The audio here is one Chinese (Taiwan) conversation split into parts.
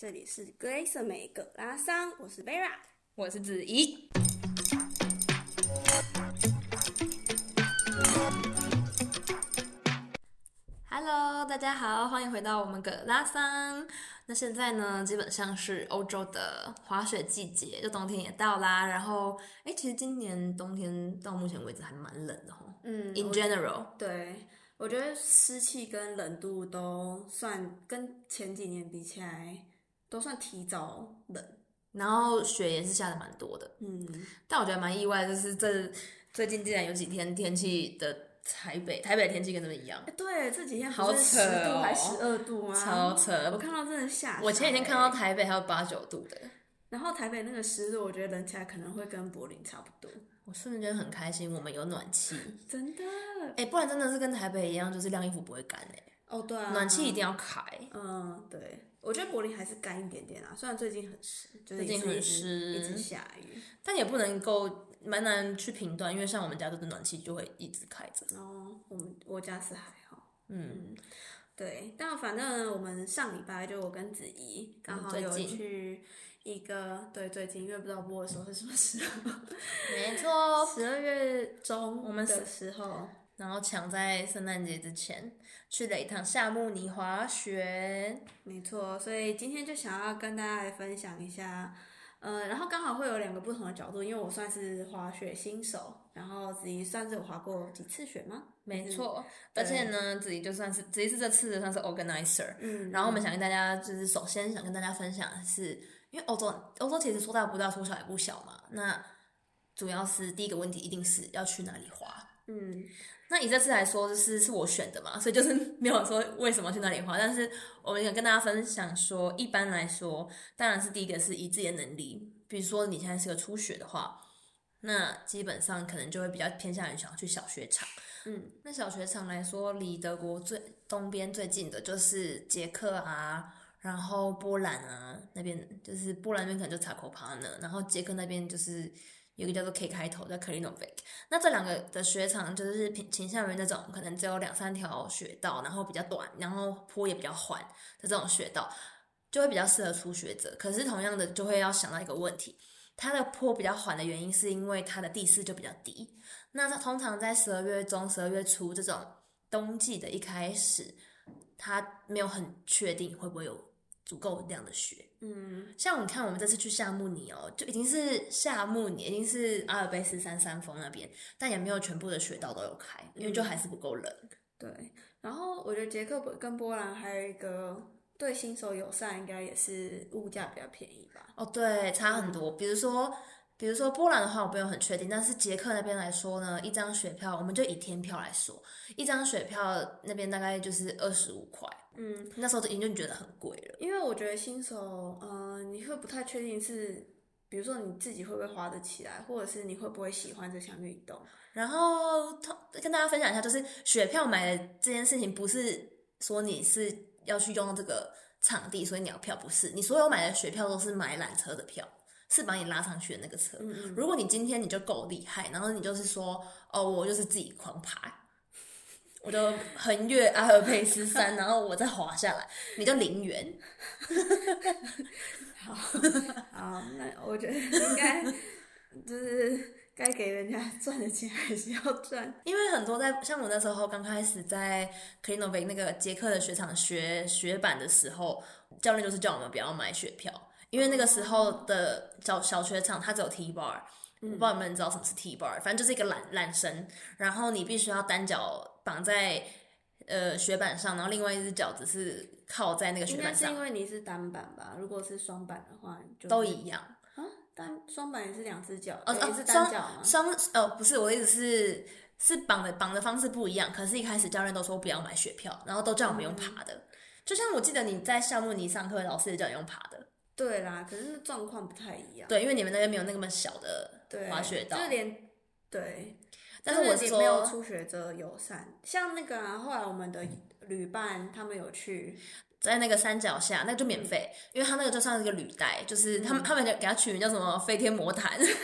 這裡是格雷瑟美葛拉桑，我是 Bera，我是子怡。Hello，大家好，歡迎回到我們葛拉桑。那現在呢，基本上是歐洲的滑雪季節，就冬天也到啦。然後，誒其實今年冬天到目前為止還蠻冷的吼，嗯，In general，我對我覺得濕氣跟冷度都算跟前幾年比起來。都算提早冷，然後雪也是下的蠻多的，嗯，但我覺得蠻意外，就是這最近竟然有幾天天氣的台北，台北的天氣跟他們一樣、欸，對，這幾天是10好冷、哦，十度還十二度啊，超扯。我看到真的下,下、欸，我前幾天看到台北還有八九度的，然後台北那個十度，我覺得冷起來可能會跟柏林差不多，我瞬間很開心，我們有暖氣，真的，哎、欸，不然真的是跟台北一樣，就是晾衣服不會乾哎、欸，哦對、啊，暖氣一定要開，嗯，對。我覺得柏林還是乾一點點啦，雖然最近很濕，就是、一直一直最近很濕，一直下雨，但也不能夠蠻難去評斷，因為像我們家的暖氣就會一直開着，然後我們我家是還好，嗯，對，但反正我們上禮拜就我跟子怡剛好有去一個，嗯、對，最近因為不知道播的時候是什麼時候，沒錯，十二月中我們的時候，然後搶在聖誕節之前。去了一趟夏慕尼滑雪，沒錯，所以今天就想要跟大家來分享一下，嗯、呃，然後剛好會有兩個不同的角度，因為我算是滑雪新手，然後子怡算是有滑過幾次雪嗎？沒錯、嗯，而且呢，子怡對就算是子怡是這次算是 organizer，嗯，嗯，然後我們想跟大家就是首先想跟大家分享的是，因為歐洲歐洲其實說大不大，說小也不小嘛，那主要是第一個問題一定是要去哪裡滑，嗯。那以這次來說，就是是我選的嘛，所以就是沒有說為什麼去那裡滑。但是我們想跟大家分享說，一般來說，當然是第一個是以自己的能力，比如說你現在是個初學的話，那基本上可能就會比較偏向於想要去小雪場。嗯，那小雪場來說，離德國最東邊最近的就是捷克啊，然後波蘭啊那邊，就是波蘭那邊可能就扎科帕內，然後捷克那邊就是。有一個叫做 K 開頭的 Klinovic 那這兩個的雪場就是傾向於那種可能只有兩三條雪道，然後比較短，然後坡也比較緩的這種雪道，就會比較適合初學者。可是同樣的，就會要想到一個問題，它的坡比較緩的原因是因為它的地勢就比較低。那它通常在十二月中、十二月初這種冬季的一開始，它沒有很確定會不會有。足夠量的雪，嗯，像我們看我們這次去夏慕尼哦、喔，就已經是夏慕尼，已經是阿爾卑斯山山峰那邊，但也沒有全部的雪道都有開，因為就還是不夠冷、嗯。對，然後我覺得捷克跟波蘭還有一個對新手友善，應該也是物價比較便宜吧？哦，對，差很多，比如說。比如說波蘭的話，我不用很確定，但是捷克那邊來說呢，一張雪票，我們就以天票來說，一張雪票那邊大概就是二十五塊。嗯，那時候就已經覺得很貴了。因為我覺得新手，嗯、呃、你會不太確定是，比如說你自己會不會花得起來，或者是你會不會喜歡這項運動。然後他跟大家分享一下，就是雪票買的這件事情，不是說你是要去用這個場地，所以你要票不是，你所有買的雪票都是買纜車的票。是把你拉上去的那個車。如果你今天你就夠厲害，然後你就是說，哦，我就是自己狂爬，我就橫越阿爾卑斯山， 然後我再滑下來，你就零元。 好，好，那我覺得應該就是該給人家賺的錢還是要賺，因為很多在像我那時候剛開始在 Klinovec 那個捷克的雪場學雪板的時候，教練就是叫我們不要買雪票。因為那個時候的小小雪場，它只有 T bar，我、嗯、不知道你們知道什麼是 T bar，反正就是一個纜纜繩，然後你必須要單腳綁在呃雪板上，然後另外一只腳只是靠在那個雪板上。應該是因為你是單板吧？如果是雙板的話，你就都一樣啊？單雙板也是兩只腳，也是單腳嗎？雙呃、哦，不是，我的意思是是綁的綁的方式不一樣。可是一開始教練都說不要買雪票，然後都叫我們用爬的。嗯、就像我記得你在夏慕尼上課，老師也叫你用爬的。對啦，可是那狀況不太一樣。對，因為你們那邊沒有那麼小的滑雪道，就是連對。但是我是說，初學者友善，像那個、啊、後來我們的旅伴他們有去，在那個山腳下，那就免費，嗯、因為他那個就算是一個履帶，就是他們、嗯、他們給他取名叫什麼“飛天魔毯。”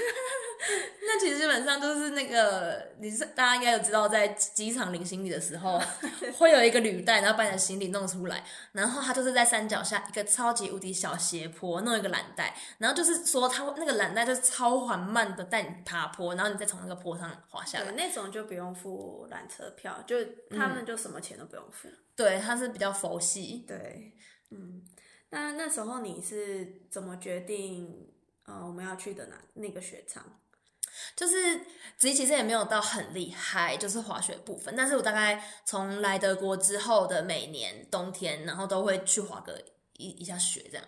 那其實基本上都是那個，你是大家應該有知道，在機場領行李的時候，會有一個履帶，然後把你的行李弄出來，然後他就是在山腳下一個超級無敵小斜坡，弄一個纜帶，然後就是說他那個纜帶就是超緩慢的帶你爬坡，然後你再從那個坡上滑下來。那種就不用付纜車票，就他們就什麼錢都不用付，嗯。對，它是比較佛系。對，嗯，那那時候你是怎麼決定，哦，我們要去的哪那個雪場？就是自己其實也沒有到很厲害，就是滑雪部分。但是我大概從來德國之後的每年冬天，然後都會去滑個一一下雪這樣。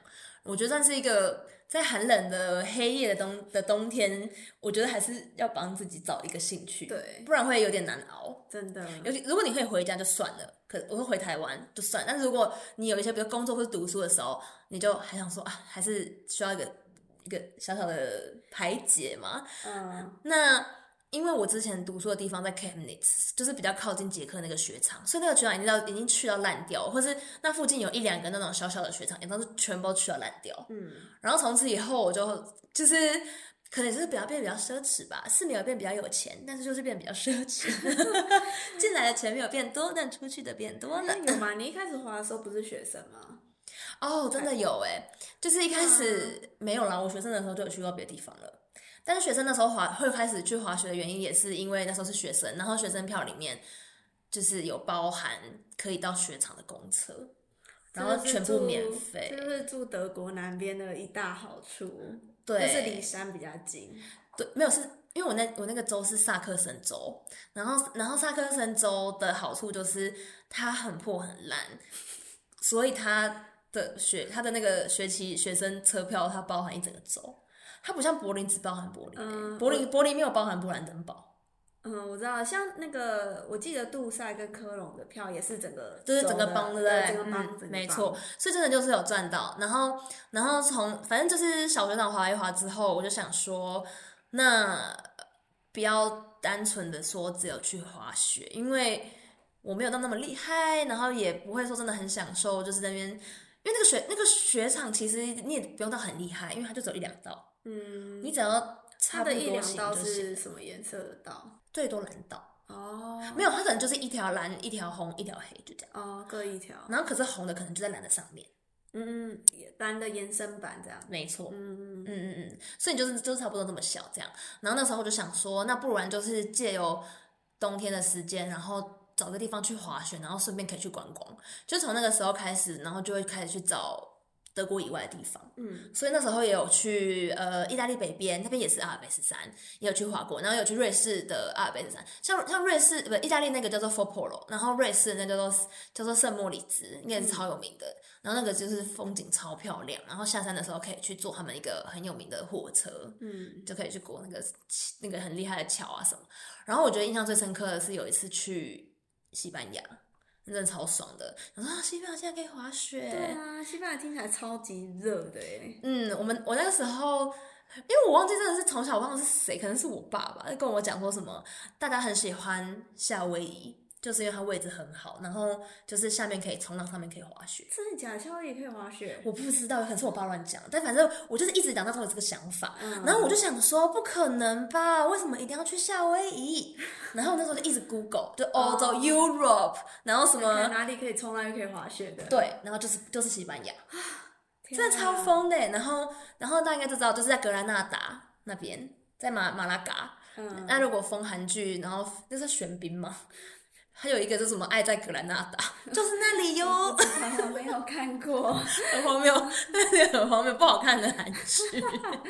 我覺得算是一個在寒冷的黑夜的冬的冬天，我覺得還是要幫自己找一個興趣，對，不然會有點難熬。真的，尤其如果你可以回家就算了，可我會回台灣就算。但是如果你有一些比如工作或者讀書的時候，你就還想說啊，還是需要一個。一個小小的排解嘛，嗯，那因為我之前讀書的地方在 Chemnitz，就是比較靠近捷克那個雪場，所以那個雪場已經到已經去到爛掉，或是那附近有一兩個那種小小的雪場，也都是全部去到爛掉。嗯，然後從此以後我就就是可能就是比較變得比較奢侈吧，是沒有變得比較有錢，但是就是變得比較奢侈，進 來的錢沒有變多，但出去的變多了。有嗎？你一開始滑的時候不是學生嗎？哦，真的有哎、欸，就是一開始沒有啦。啊、我學生的時候就有去過別的地方了，但是學生的時候滑會開始去滑雪的原因，也是因為那時候是學生，然後學生票裡面就是有包含可以到雪場的公車，然後全部免費，就是，是住德國南邊的一大好處。對，就是離山比較近。對，沒有，是因為我那我那個州是薩克森州，然後然後薩克森州的好處就是它很破很爛，所以它。的學他的那個學期學生車票，它包含一整個州，它不像柏林只包含柏林，欸，嗯、柏林我柏林沒有包含布蘭登堡。嗯，我知道，像那個我記得杜塞跟科隆的票也是整個，就是整個邦對不對？整個邦沒錯，所以真的就是有賺到。然後，然後從反正就是小學長滑一滑之後，我就想說，那不要單純的說只有去滑雪，因為我沒有到那麼厲害，然後也不會說真的很享受，就是那邊。因為那個雪那個雪場其實你也不用到很厲害，因為它就走一兩道。嗯，你只要差的它的一兩道是什麼顏色的道？最多藍道哦，沒有，它可能就是一條藍、一條紅、一條黑，就這樣哦，各一條。然後可是紅的可能就在藍的上面，嗯，藍的延伸版這樣，沒錯，嗯嗯嗯嗯，所以你就是就是、差不多這麼小這樣。然後那時候我就想說，那不然就是借由冬天的時間，然後。找個地方去滑雪，然後順便可以去觀光。就從那個時候開始，然後就會開始去找德國以外的地方。嗯，所以那時候也有去呃意大利北邊，那邊也是阿爾卑斯山，也有去滑過。然後也有去瑞士的阿爾卑斯山，像像瑞士不意大利那個叫做 Foppolo 然後瑞士那個叫做叫做聖莫裡茲，應該是超有名的。嗯，然後那個就是風景超漂亮，然後下山的時候可以去坐他們一個很有名的火車，嗯，就可以去過那個那個很厲害的橋啊什麼。然後我覺得印象最深刻的是有一次去。西班牙，真的超爽的。然後，啊，西班牙現在可以滑雪。對啊，西班牙聽起來超級熱的。嗯，我們我那個時候，因為我忘記真的是從小我忘了是誰，可能是我爸爸跟我講過什麼，大家很喜歡夏威夷。就是因為它位置很好，然後就是下面可以衝浪，上面可以滑雪。真的假的？夏威夷可以滑雪？我不知道，可能是我爸亂講。但反正我就是一直講到我有這個想法，嗯、然後我就想說不可能吧？為什麼一定要去夏威夷？ 然後那時候就一直 Google，就歐洲 Europe,、哦、Europe，然後什麼 okay，哪裡可以衝浪又可以滑雪的？對，然後就是就是西班牙啊，啊真的超瘋的。然後然後大家應該都知道，就是在格蘭納達那邊，在馬馬拉嘎。嗯，那如果瘋韓劇，然後那是玄彬嘛。還有一個就是什麼？愛在格蘭納達，就是那裡喲。 沒有看過，很荒謬，那裡很荒謬，不好看的韓劇，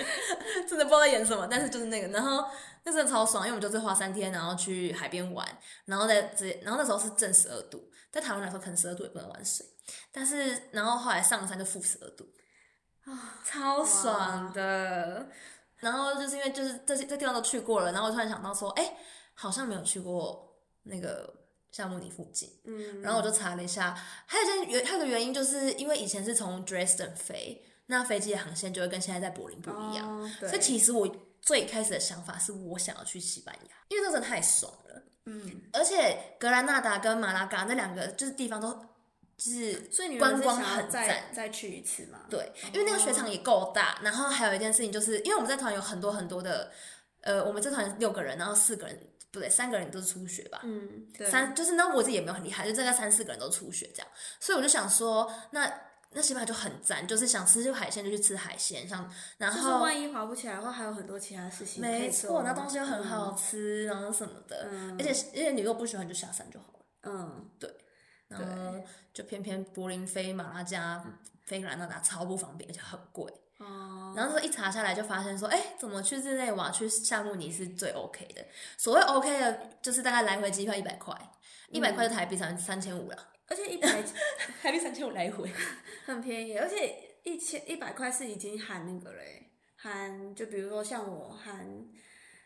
真的不知道演什麼。但是就是那個，然後那真的超爽，因為我們就這花三天，然後去海邊玩，然後再直接，然後那時候是正十二度，在台灣來說可能十二度也不能玩水，但是然後後來上了山就負十二度啊、哦，超爽的。哇然後就是因為就是這些這地方都去過了，然後我突然想到說，哎、欸，好像沒有去過那個。夏慕尼附近，嗯，然後我就查了一下，還有一件原，還有一個原因，就是因為以前是從 Dresden 飛，那飛機的航線就會跟現在在柏林不一樣。哦、所以其實我最開始的想法是我想要去西班牙，因為那真的太爽了，嗯，而且格蘭納達跟馬拉嘎那兩個就是地方都就是觀光很讚，所以你們是想要再，再去一次嘛？對，哦、因為那個雪場也夠大，然後還有一件事情就是，因為我們在團有很多很多的，呃，我們這團六個人，然後四個人。不對，三個人都是初學吧？嗯，對，三就是，那我自己也沒有很厲害，就剩下三四個人都初學這樣，所以我就想說，那那起碼就很讚，就是想吃這個海鮮就去吃海鮮，像然後萬一滑不起來的話，還有很多其他事情。沒錯，那東西又很好吃，嗯、然後什麼的，嗯、而且而且你如果不喜歡就下山就好了。嗯，對，然後就偏偏柏林飛馬拉加飛格拉納達超不方便，而且很貴。然後說一查下來就發現說，哎，怎麼去日內瓦去夏慕尼是最 OK 的？所謂 OK 的，就是大概來回機票，一百塊，一百、嗯、塊就台幣三三千五了、嗯。而且一百台幣 三千五來回，很便宜。而且一千一百塊是已經含那個嘞，含就比如說像我含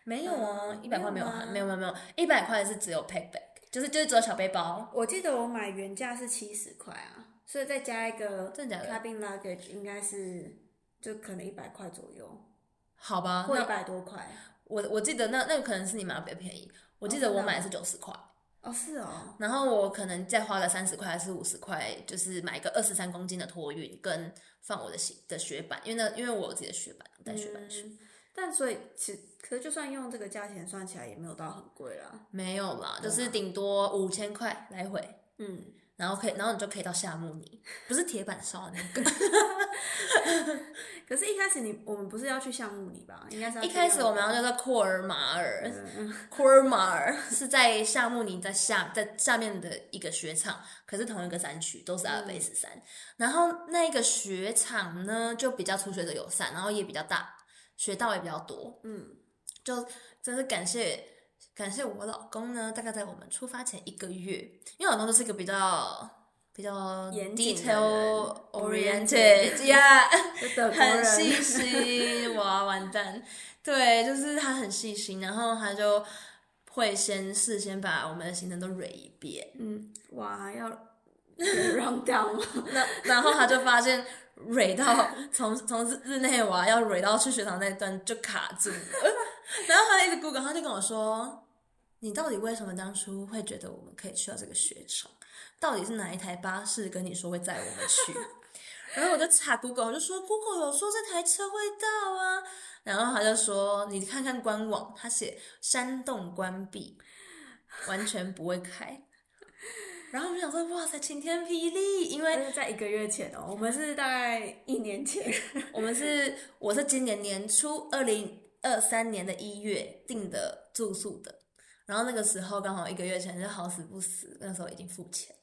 沒有啊，一百、嗯、塊沒有含，沒有沒有沒有，一百塊是只有 pack bag，就是就是只有小背包。我記得我買原價是七十塊啊，所以再加一個 cabin luggage 應該是。就可能一百塊左右，好吧，或一百多塊。我我記得那那可能是你買的比較便宜。哦、我記得我買的是九十塊哦，是哦，然後我可能再花了三十塊還是五十塊，就是買一個二十三公斤的託運跟放我的雪的雪板，因為那因為我有自己的雪板帶雪板去、嗯。但所以其可是就算用這個價錢算起來也沒有到很貴啦，沒有啦，啊、就是頂多五千塊來回，嗯。然後可以，然後你就可以到夏慕尼，不是鐵板燒那個。 可是一開始你我們不是要去夏慕尼吧？應該是一開始我們要叫做庫爾馬爾，嗯、庫爾馬爾是在夏慕尼在下在下面的一個雪場，可是同一個山區都是阿爾卑斯山。嗯、然後那個雪場呢，就比較初學者友善，然後也比較大，雪道也比較多。嗯，就真的是感謝。感謝我老公呢，大概在我們出發前一個月，因為老公就是一個比較比較 detail oriented 呀，yeah, 不不很細心， 哇，完蛋，對，就是他很細心，然後他就會先事先把我們的行程都 run 一遍，嗯，哇，要 run down， 那然後他就發現 run 到從從日日內瓦要 run 到去學堂那一段就卡住， 然後他一直 Google，他就跟我說。你到底為什麼當初會覺得我們可以去到這個雪場？到底是哪一台巴士跟你說會載我們去？ 然後我就查 Google，我就說 Google 有說這台車會到啊。然後他就說你看看官網，他寫山洞關閉，完全不會開。 然後我就想說哇塞，晴天霹靂！因為是在一個月前哦， 我們是大概一年前， 我們是我是今年年初二零二三年的一月訂的住宿的。然後那個時候剛好一個月前就好死不死，那時候已經付錢，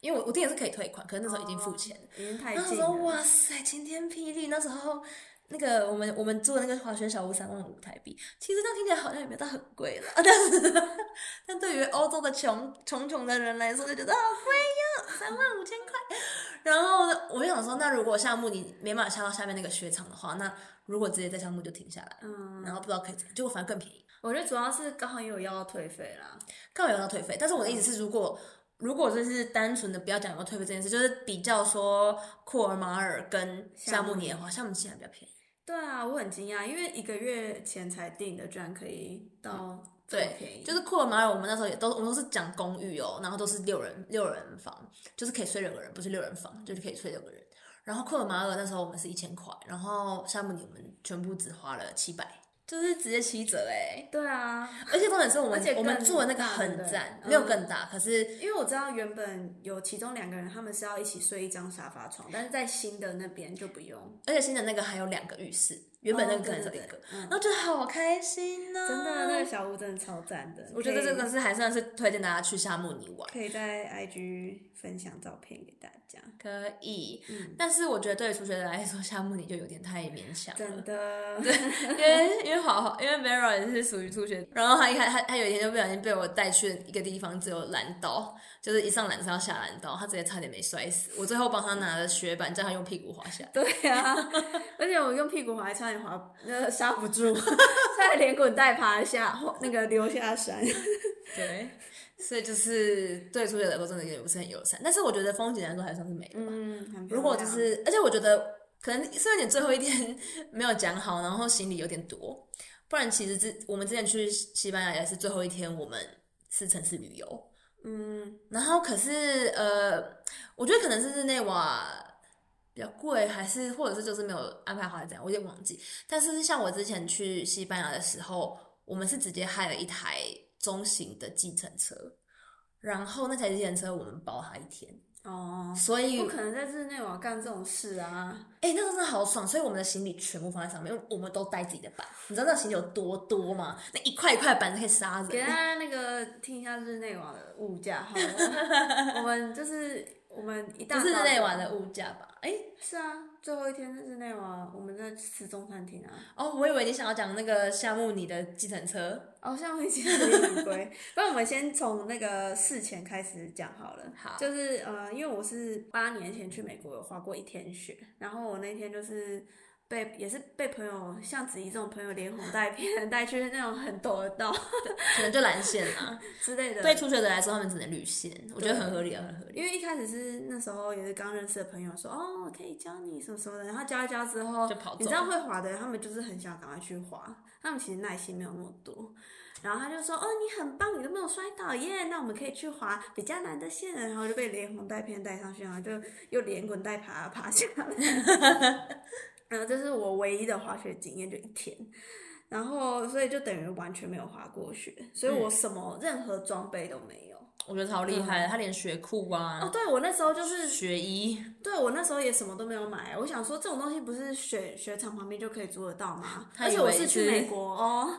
因為我我定也是可以退款，可是那時候已經付錢，哦，已經太近了。哇塞，晴天霹靂！那時候那個我們我們住的那個滑雪小屋三萬五台幣，其實那聽起來好像也沒到很貴了，但是但對於歐洲的窮窮窮的人來說就覺得好貴呀，哦，三萬五千塊。然後呢，我就想說，那如果項目你沒辦法下到下面那個雪場的話，那如果直接在項目就停下來，嗯，然後不知道可以怎樣，結果反而更便宜。”我覺得主要是剛好也有要退費啦，剛好也有要退費，但是我的意思是，如果，嗯、如果真是單純的不要講要退費這件事，就是比較說庫爾馬爾跟夏慕尼的話，夏慕，夏慕尼還比較便宜。對啊，我很驚訝，因為一個月前才訂的，居然可以到對，便宜。嗯，就是庫爾馬爾，我們那時候也都我們都是講公寓哦，然後都是六人六人房，就是可以睡兩個人，不是六人房，就是可以睡兩個人。然後庫爾馬爾那時候我們是一千塊，然後夏慕尼我們全部只花了七百。就是直接七折哎、欸，對啊，而且重點是我們我們住的那個很贊，對沒有更大，嗯、可是因為我知道原本有其中兩個人他們是要一起睡一張沙發床，但是在新的那邊就不用，而且新的那個還有兩個浴室。原本那個顏色一個，然後就好開心呢。真的，那個小屋真的超讚的。我覺得這個是還算是推薦大家去夏慕尼玩。可以在 IG 分享照片給大家。可以，但是我覺得對初學者來說，夏慕尼就有點太勉強了。真的，對，因為因為好好，因為 Vero 也是屬於初學者，然後他一開他他有一天就不小心被我帶去一個地方，只有藍道，就是一上纜車要下藍道，他直接差點沒摔死。我最後幫他拿了雪板，叫他用屁股滑下來。對呀，而且我用屁股滑下。那剎不住，再連滾帶爬下， 那個溜下山。對，所以就是對初學來說真的也不是很友善，但是我覺得風景來說還算是美的吧。嗯，啊、如果就是，而且我覺得可能雖然你最後一天沒有講好，然後行李有點多，不然其實之我們之前去西班牙也是最後一天，我們是城市旅遊。嗯，然後可是呃，我覺得可能是日內瓦。比較貴，還是或者是就是沒有安排好？還是怎樣？我有點忘記。但是像我之前去西班牙的時候，我們是直接 hire 了一台中型的計程車，然後那台計程車我們包它一天。哦，所以、欸、不可能在日內瓦幹這種事啊！哎、欸，那個真的好爽，所以我們的行李全部放在上面，因為我們都帶自己的板。你知道那行李有多多嗎？那一塊一塊板就可以殺人。給大家那個聽一下日內瓦的物價哈，好 我們就是。我們一大不是日內瓦的物價吧？哎、欸，是啊，最後一天在日內瓦，我們在吃中餐廳啊。哦，我以為你想要講那個夏慕尼的計程車。哦，夏慕尼計程車很貴。那 我們先從那個事前開始講好了。好，就是呃，因為我是八年前去美國，有滑過一天雪，然後我那天就是。被也是被朋友像子怡這種朋友連哄帶騙帶去那種很陡的道 對，可能 就藍線啊 之類的。對初學者來說，他們只能綠線，對我覺得很合理啊，很合理。因為一開始是那時候也是剛認識的朋友說哦，可以教你什麼什麼的，然後教一教之後就跑。你知道會滑的，他們就是很想趕快去滑，他們其實耐心沒有那麼多。然後他就說哦，你很棒，你都沒有摔倒耶，yeah, 那我們可以去滑比較難的線，然後就被連哄帶騙帶上去然後就又連滾帶爬、啊、爬下來。 嗯，這是我唯一的滑雪經驗，就一天，然後所以就等於完全沒有滑過雪，所以我什麼、嗯、任何裝備都沒有。我覺得超厲害、嗯、他連雪褲啊……哦，對，我那時候就是雪衣，對，我那時候也什麼都沒有買。我想說，這種東西不是雪雪場旁邊就可以租得到嗎？是而且我是去美國哦，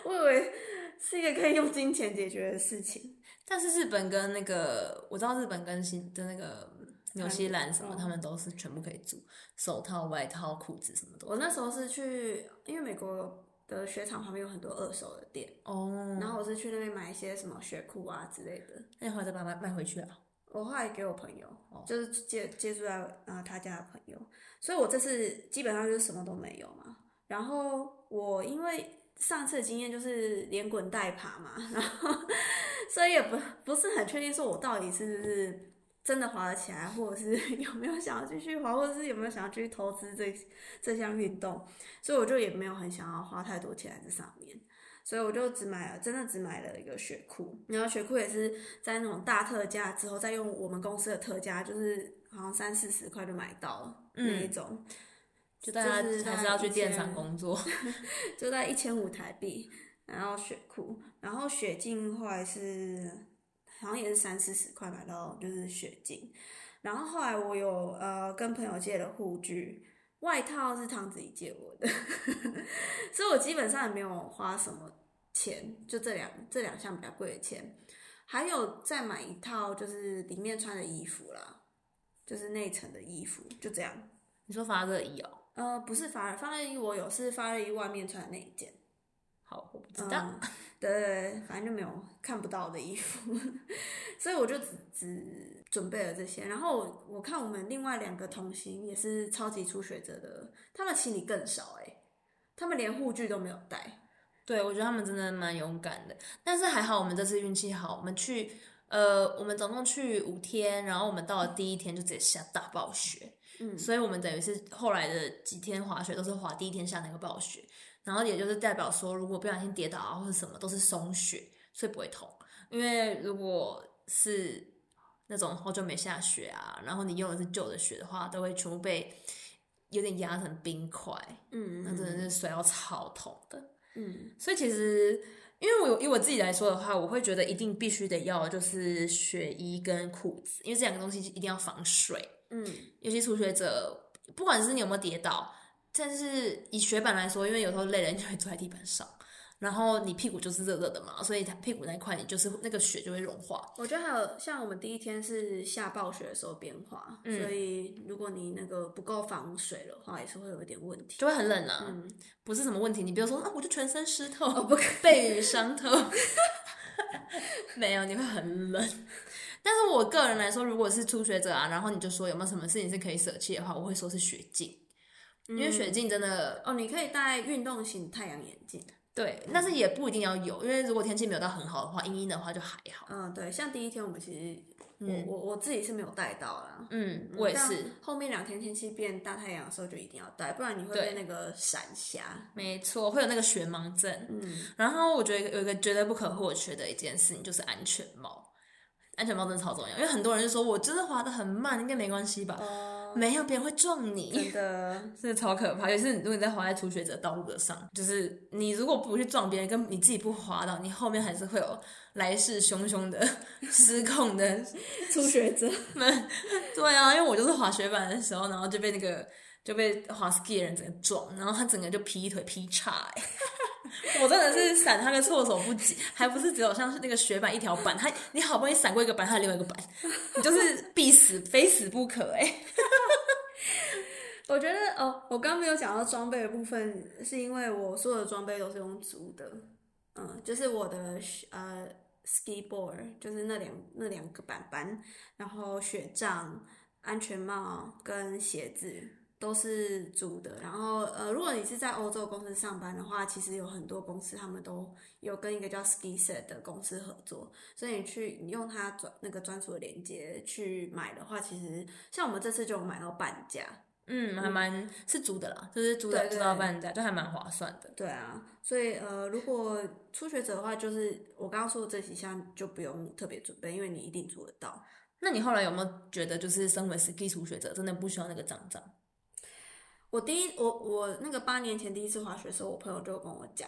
我以為是一個可以用金錢解決的事情。但是日本跟那個，我知道日本跟新的那個。紐西蘭什麼，嗯、他們都是全部可以租，哦、手套、外套、褲子什麼的。我那時候是去，因為美國的雪場旁邊有很多二手的店哦，然後我是去那邊買一些什麼雪褲啊之類的。那、欸、後來再把它賣回去啊、嗯？我後來給我朋友，哦、就是接接住在啊，他家的朋友。所以我這次基本上就是什麼都沒有嘛。然後我因為上次的經驗就是連滾帶爬嘛，然後所以也不不是很確定說我到底是不是、嗯。真的滑得起來，或者是有沒有想要繼續滑，或者是有沒有想要繼續投資這這項運動，所以我就也沒有很想要花太多錢在上面，所以我就只買了，真的只買了一個雪褲，然後雪褲也是在那種大特價之後，再用我們公司的特價，就是好像三四十塊就買到了、嗯、那一種。就大家還是要去電商工作， 就在一千五台幣，然後雪褲，然後雪鏡後來是。好像也是三四十塊買到，就是雪鏡。然後後來我有呃跟朋友借了護具，外套是湯子怡借我的， 所以我基本上也沒有花什麼錢，就這兩這兩項比較貴的錢，還有再買一套就是裡面穿的衣服啦，就是內層的衣服，就這樣。你說發熱衣哦？呃，不是發熱發熱衣，我有是發熱衣外面穿的那一件。好，我不知道。嗯對，對反正就沒有看不到的衣服，所以我就只只準備了這些。然後我，我看我們另外兩個同行也是超級初學者的，他們行李更少哎、欸，他們連護具都沒有帶。對，我覺得他們真的蠻勇敢的，但是還好我們這次運氣好，我們去呃我們總共去五天，然後我們到了第一天就直接下大暴雪，嗯，所以我們等於是後來的幾天滑雪都是滑第一天下那個暴雪。然後也就是代表說，如果不小心跌倒啊，或者什麼，都是鬆雪，所以不會痛。因為如果是那種好久沒下雪啊，然後你用的是舊的雪的話，都會全部被有點壓成冰塊。嗯，那真的是摔到超痛的。嗯，所以其實，因為我以我自己來說的話，我會覺得一定必須得要就是雪衣跟褲子，因為這兩個東西一定要防水。嗯，尤其初學者，不管是你有沒有跌倒。但是以雪板來說，因為有時候累了，你就會坐在地板上，然後你屁股就是熱熱的嘛，所以它屁股那一塊，你就是那個雪就會融化。我覺得還有像我們第一天是下暴雪的時候變化，嗯、所以如果你那個不夠防水的話，也是會有一點問題，就會很冷啦、啊。嗯、不是什麼問題。你比如說啊，我就全身濕透，被、哦、雨傷透， 沒有，你會很冷。但是我個人來說，如果是初學者啊，然後你就說有沒有什麼事情是可以捨棄的話，我會說是雪鏡。因為雪鏡真的、嗯、哦，你可以戴運動型太陽眼鏡。對，嗯、但是也不一定要有，因為如果天氣沒有到很好的話，陰陰的話就還好。嗯，對，像第一天我們其實我我、嗯、我自己是沒有戴到啦。嗯，我也是。後面兩天天氣變大太陽的時候就一定要戴，不然你會被那個閃瞎。沒錯，會有那個雪盲症。嗯。然後我覺得有一個絕對不可或缺的一件事情就是安全帽。安全帽真的超重要，因為很多人就說：“我就是滑得很慢，應該沒關係吧？”呃沒有別人會撞你，真的，真的超可怕。尤其你如果你在滑在初學者的道路的上，就是你如果不去撞別人，跟你自己不滑倒，你後面還是會有來勢洶洶的失控的 初學者們。 對啊，因為我就是滑雪板的時候，然後就被那個就被滑 ski 的人整個撞，然後他整個就劈腿劈叉， 我真的是閃他個措手不及，還不是只有像是那個雪板一條板，他你好不容易閃過一個板，他另外一個板， 你就是必死，非死不可，誒我覺得哦，我剛剛沒有講到裝備的部分，是因為我所有的裝備都是用租的，嗯，就是我的呃 ski board 就是那兩那兩個板板，然後雪杖、安全帽跟鞋子都是租的。然後呃，如果你是在歐洲公司上班的話，其實有很多公司他們都有跟一個叫 ski set 的公司合作，所以你去你用它專那個專屬的連接去買的話，其實像我們這次就買到半價。嗯，還蠻、嗯、是租的啦，就是租的租到半價，對對對，就還蠻划算的。對啊，所以呃，如果初學者的話，就是我剛剛說的這幾項就不用特別準備，因為你一定做得到。那你後來有沒有覺得，就是身為 ski 初學者，真的不需要那個杖杖？我第一，我我那個八年前第一次滑雪的時候，我朋友就跟我講，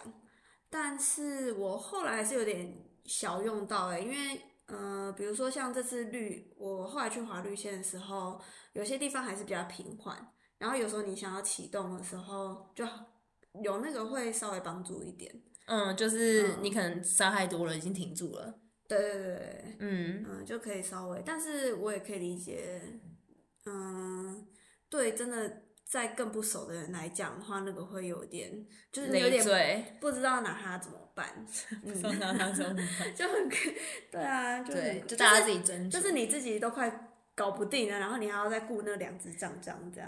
但是我後來是有點小用到哎、欸，因為。嗯、呃，比如說像這次綠，我後來去滑綠線的時候，有些地方還是比較平緩，然後有時候你想要啟動的時候，就有那個會稍微幫助一點。嗯，就是你可能傷害多了，已經停住了。嗯、對對對嗯嗯、呃，就可以稍微，但是我也可以理解。嗯，對，真的。在更不熟的人來講的話，那個會有點就是你有點不知道拿他怎麼辦，就很對啊，對就很就大家自己斟酌，就是、是你自己都快搞不定了，然後你還要再顧那兩只賬賬這樣，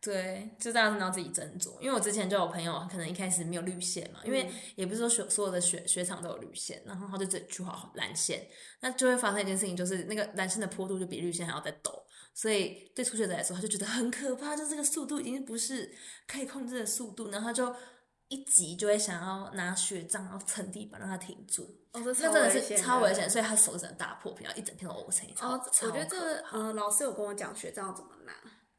對，就這樣拿自己斟酌。因為我之前就有朋友，可能一開始沒有綠線嘛，嗯、因為也不是說所所有的雪雪場都有綠線，然後他就自己去滑藍線，那就會發生一件事情，就是那個藍線的坡度就比綠線還要再陡。所以對初學者來說，他就覺得很可怕，就是、這個速度已經不是可以控制的速度，然後他就一急就會想要拿雪杖撐地板讓他停住，哦、這他真的是超危險，所以他手只能大破不要一整天都凹成一條。我覺得這個呃，老師有跟我講雪杖要怎麼拿，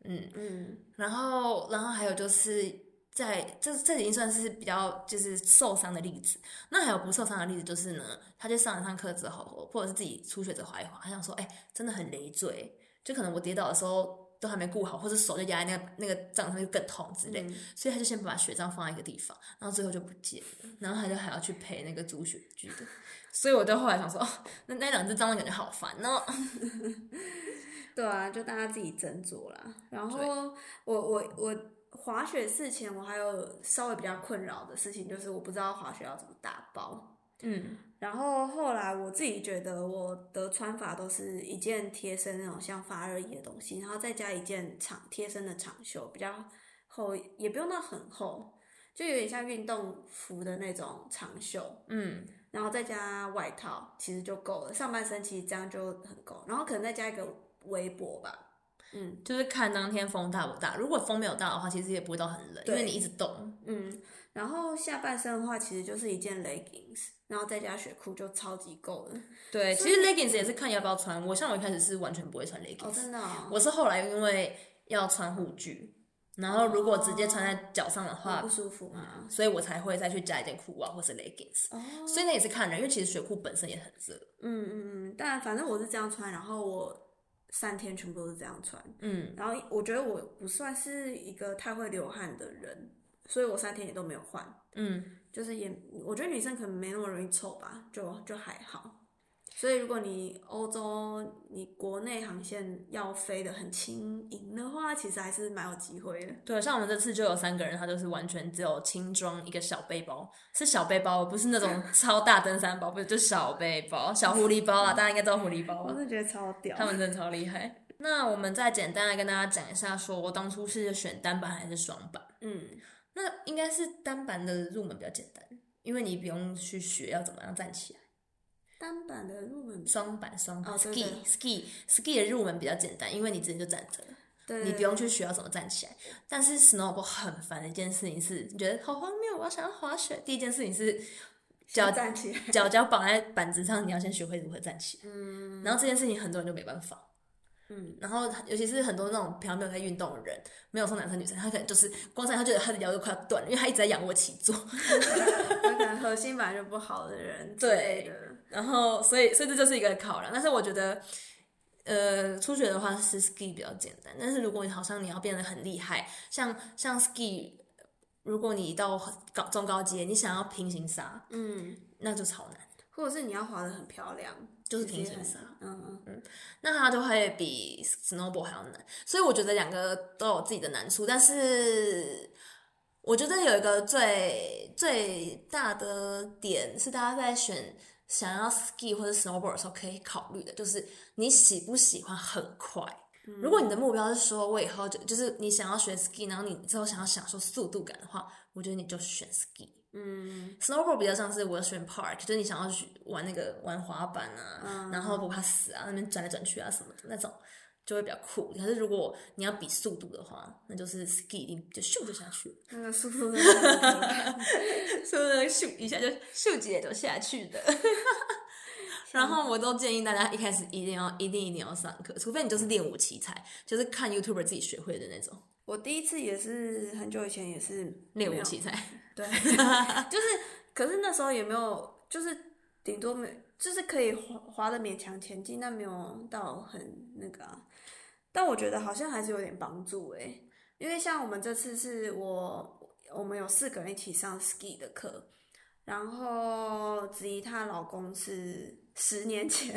嗯嗯，然後然後還有就是在這這已經算是比較就是受傷的例子，那還有不受傷的例子就是呢，他就上一堂課之後，或者是自己初學者滑一滑，他想說，哎，真的很累贅。就可能我跌倒的時候都還沒顧好，或者手就壓在那個那個杖子上就更痛之類，嗯、所以他就先把雪杖放在一個地方，然後最後就不見了，然後他就還要去賠那個租雪具的， 所以我在後來想說，那那兩只杖的感覺好煩哦。 對啊，就大家自己斟酌啦。然後對我我我滑雪事前，我還有稍微比較困擾的事情，就是我不知道滑雪要怎麼打包。嗯。然後後來我自己覺得我的穿法都是一件貼身那種像發熱衣的東西，然後再加一件長貼身的長袖，比較厚，也不用到很厚，就有點像運動服的那種長袖，嗯，然後再加外套其實就夠了，上半身其實這樣就很夠，然後可能再加一個圍脖吧。嗯，就是看當天風大不大。如果風沒有大的話，其實也不會到很冷，對因為你一直動。嗯，然後下半身的話，其實就是一件 leggings，然後再加雪褲就超級夠了。對，以其實 leggings 也是看要不要穿。我像我一開始是完全不會穿 leggings，、哦、真的、哦。我是後來因為要穿護具，然後如果直接穿在腳上的話、哦嗯、不舒服嘛、啊，所以我才會再去加一件褲襪、啊、或是 leggings。哦，所以那也是看人，因為其實雪褲本身也很熱。嗯嗯嗯，但反正我是這樣穿，然後我。三天全部都是這樣穿，嗯，然後我覺得我不算是一個太會流汗的人，所以我三天也都沒有換，嗯，就是也，我覺得女生可能沒那麼容易臭吧，就就還好。所以，如果你歐洲、你國內航線要飛得很輕盈的話，其實還是蠻有機會的。對，像我們這次就有三個人，他就是完全只有輕裝一個小背包，是小背包，不是那種超大登山包，嗯、不是就小背包、小狐狸包啊，嗯、大家應該知道狐狸包吧？嗯、我是覺得超屌，他們真的超厲害。那我們再簡單來跟大家講一下說，說我當初是選單板還是雙板？嗯，那應該是單板的入門比較簡單，因為你不用去學要怎麼樣站起來。單板的入門，雙板雙板，哦，ski、oh, ski ski 的入門比較簡單，因為你直接就站着，對你不用去學要怎麼站起來。但是 snowboard 很煩的一件事情是，你覺得好荒謬，我要想要滑雪，第一件事情是腳站起來，腳腳綁在板子上，你要先學會如何站起來。嗯，然後這件事情很多人就沒辦法，嗯，然後尤其是很多那種平常沒有在運動的人，沒有說男生女生，他可能就是光在，他覺得他的腰都快要斷了，因為他一直在仰臥起坐， 可能核心本來就不好的人，對。然後，所以，所以這就是一個考量。但是我覺得，呃，初學的話是 ski 比較簡單。但是如果你好像你要變得很厲害，像、像 ski，如果你到很高中高階，你想要平行煞，嗯，那就超難。或者是你要滑得很漂亮，就是平行煞，嗯嗯嗯，那它就會比 snowboard 還要難。所以我覺得兩個都有自己的難處。但是我覺得有一個最最大的點是大家在選。想要 ski 或者 snowboard 的時候，可以考慮的就是你喜不喜歡很快。嗯，如果你的目標是說，我以後就就是你想要學 ski，然後你之後想要享受速度感的話，我覺得你就選 ski。嗯，snowboard 比較像是我選 park，就是你想要去玩那個玩滑板啊，嗯嗯，然後不怕死啊，那邊轉來轉去啊什麼的那種。就會比較酷。可是如果你要比速度的話，那就是 ski 一定就咻就下去了。啊、那個速度， 速度的咻一下就咻幾下就下去的。 像然後我都建議大家一開始一定要、一定、一定要上課，除非你就是練武奇才，就是看 YouTuber 自己學會的那種。我第一次也是很久以前，也是練武奇才。對， 就是，可是那時候也沒有，就是頂多沒，就是可以滑滑的勉強前進，但沒有到很那個、啊。但我覺得好像還是有點幫助欸，因為像我們這次是我我們有四個人一起上 ski 的課，然後子怡她老公是十年前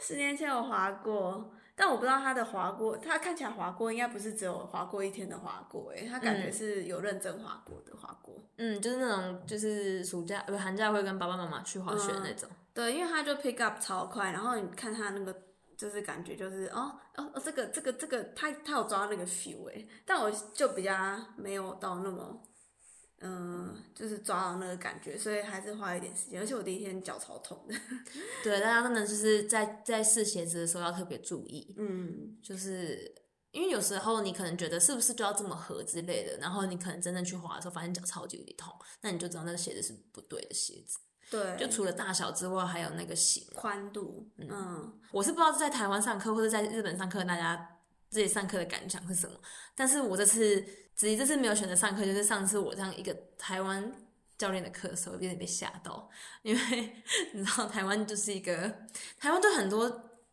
十年前有滑過，但我不知道他的滑過，他看起來滑過應該不是只有滑過一天的滑過欸，他感覺是有認真滑過的滑過，嗯，就是那種就是暑假寒假會跟爸爸媽媽去滑雪的那種，嗯，對，因為他就 pick up 超快，然後你看他那個。就是感覺就是哦哦哦，這個這個這個，他他有抓到那個 feel 哎，但我就比較沒有到那麼，嗯，就是抓到那個感覺，所以還是花了一點時間。而且我第一天腳超痛的，對，大家真的就是在在試鞋子的時候要特別注意，嗯，就是因為有時候你可能覺得是不是就要這麼合之類的，然後你可能真正去滑的時候發現腳超級有點痛，那你就知道那個鞋子是不對的鞋子。對，就除了大小之外，還有那個型、寬度。嗯，嗯，我是不知道在台灣上課或者在日本上課，大家自己上課的感想是什麼。但是我這次，直接這次沒有選擇上課，就是上次我上一個台灣教練的課的時候，有點被嚇到，因為你知道台灣就是一個，台灣就很多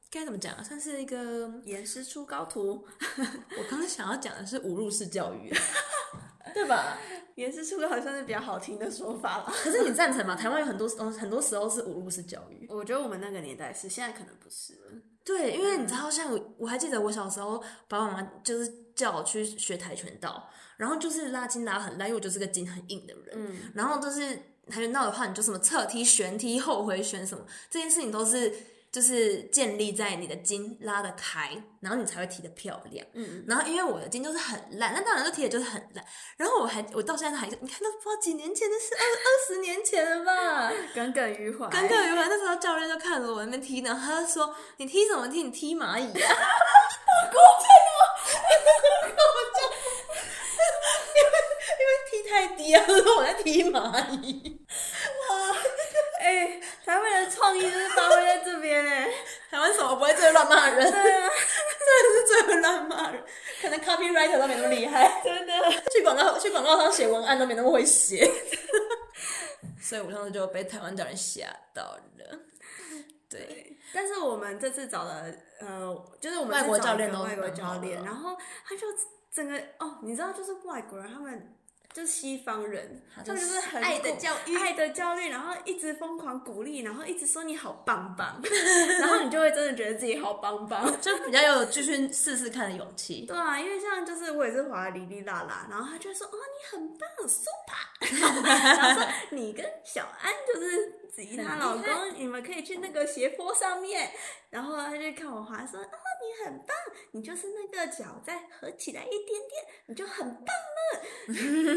該怎麼講啊，算是一個嚴師出高徒。 我剛剛想要講的是侮辱式教育。 對吧？也是，出個好像是比較好聽的說法吧。可是你贊成嗎？台灣有很多嗯，很多時候是侮辱式教育。我覺得我們那個年代是，現在可能不是。對，因為你知道像我，像我還記得我小時候，爸爸媽媽就是叫我去學跆拳道，然後就是拉筋拉很爛，因為我就是個筋很硬的人。嗯。然後都是跆拳道的話，你就什麼側踢、旋踢、後回旋什麼，這件事情都是。就是建立在你的筋拉得開，然後你才會踢得漂亮。嗯。然後因為我的筋就是很爛，那當然就踢的就是很爛。然後我還，我到現在還說，你看那不知道幾年前，那是二二十年前了吧？耿耿於懷，耿耿於懷。那時候教練就看着我那邊踢呢，他就說：“你踢什麼踢？你踢螞蟻啊！”我搞笑嗎？哈哈哈哈！因為因為踢太低了啊，說我在踢螞蟻。創意都是發揮在這邊哎、欸，台灣什麼不會最亂罵人？對啊， 真的是最會亂罵人， 可能 copywriter 都沒那麼厲害。 真的，去廣告去廣告上寫文案都沒那麼會寫。 所以我上次就被台灣教練嚇到了。 對，但是我們這次找了呃，就是我們是外國教練，外國教練，然後他就整個哦，你知道，就是外國人他們。就西方人，他就是很愛的教育，愛的教育，然後一直瘋狂鼓勵，然後一直說你好棒棒， 然後你就會真的覺得自己好棒棒， 就比較有繼續試試看的勇氣。 對啊，因為像就是我也是滑的哩哩啦啦，然後他就說 哦你很棒，super， 然後說你跟小安就是子怡她老公，你們可以去那個斜坡上面，然後他就看我滑說。你很棒，你就是那個腳再合起來一點點，你就很棒了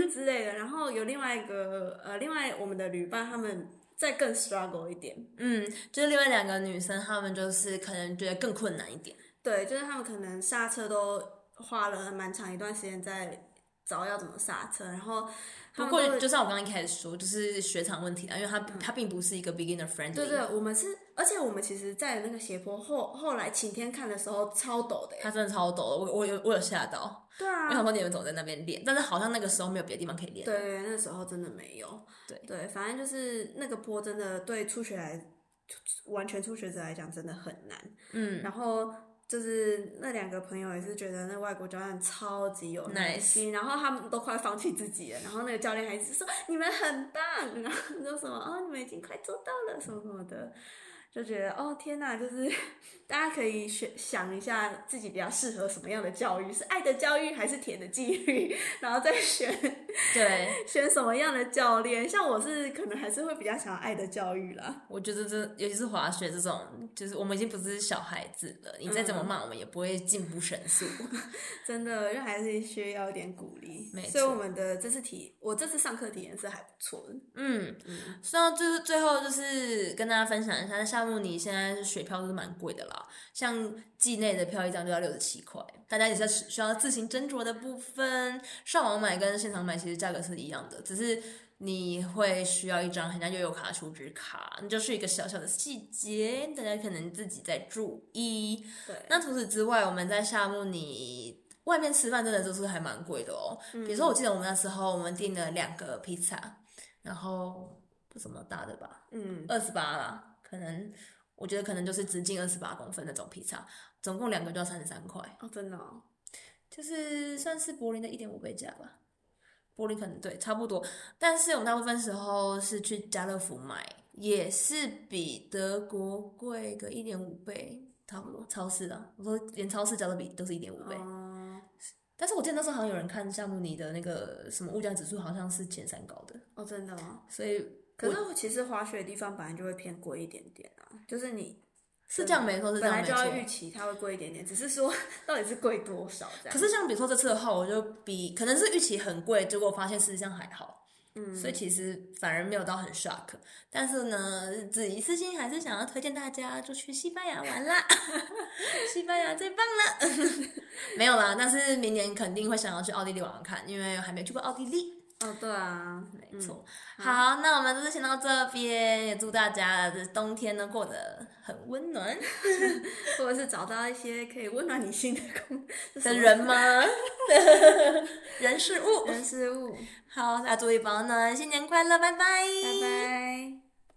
之類的。然後有另外一個呃，另外我們的旅伴，他們再更 struggle 一點，嗯，就是另外兩個女生，他們就是可能覺得更困難一點。對，就是他們可能剎車都花了蠻長一段時間在找要怎麼剎車，然後。他不過就像我剛剛一開始說，就是雪場問題、啊、因為他、嗯、他並不是一個 beginner friendly。對對、啊，我們是，而且我們其實，在那個斜坡後後來晴天看的時候，超陡的。他真的超陡的，我我，我有我有嚇到。對啊。因為很多你們總在那邊練，但是好像那個時候沒有別的地方可以練。對對，那時候真的沒有。對對，反正就是那個坡真的對初學來，完全初學者來講真的很難。嗯，然後。就是那兩個朋友也是覺得那外國教練超級有耐心，Nice. 然後他們都快放棄自己了，然後那個教練還是說你們很棒，然後就說什麼哦，你們已經快做到了什麼什麼的。就覺得哦天哪，就是大家可以選想一下自己比較適合什麼樣的教育，是愛的教育還是鐵的紀律，然後再選對選什麼樣的教練。像我是可能還是會比較想要愛的教育啦，我覺得這尤其是滑雪這種，就是我們已經不是小孩子了，你再怎麼罵我們也不會進步神速。嗯、 真的，就還是需要一點鼓勵。沒錯錯，所以我們的這次體，我這次上課體驗是還不錯的、嗯。嗯，那最後最後就是跟大家分享一下夏目尼現在是水票都是蠻貴的啦，像季內的票一張就要六十七塊，大家也是需要自行斟酌的部分。上網買跟現場買其實價格是一樣的，只是你會需要一張很像悠遊卡的儲值卡，那就是一個小小的細節，大家可能自己在注意。對，那除此之外，我們在夏慕尼外面吃飯真的就是還蠻貴的哦，嗯、比如說我記得我們那時候我們訂了兩個披薩，然後、哦、不怎麼大的吧，嗯，二十八啦。可能我覺得可能就是直徑二十八公分那種披薩，總共兩個就要三十三塊哦。真的、哦，就是算是柏林的一點五倍價吧。柏林可能對差不多，但是我們大部分時候是去家樂福買，也是比德國貴個一點五倍，差不多。嗯、超市啊，我說連超市家樂福都是一點五倍、嗯。但是我記得那時候好像有人看夏慕尼的那個什麼物價指數，好像是前三高的。哦，真的嗎、哦？所以。可是我其實滑雪的地方本來就會偏貴一點點啊，就是你是這樣沒錯，是這樣沒錯，本來就要預期它會貴一點點，只是說到底是貴多少這樣。可是像比如說這次的話，我就比可能是預期很貴，結果我發現事實上還好，嗯，所以其實反而沒有到很 shock。但是呢，自己私心還是想要推薦大家就去西班牙玩啦， 西班牙最棒了。 沒有啦，但是明年肯定會想要去奧地利玩玩看，因為還沒去過奧地利。哦，對啊，沒錯。嗯、好，好，那我們就是先到這邊，也祝大家的冬天呢過得很溫暖， 或者是找到一些可以溫暖你心的工的人嗎？ 人事物，人事物。好，那祝你保暖，新年快樂，拜拜，拜拜。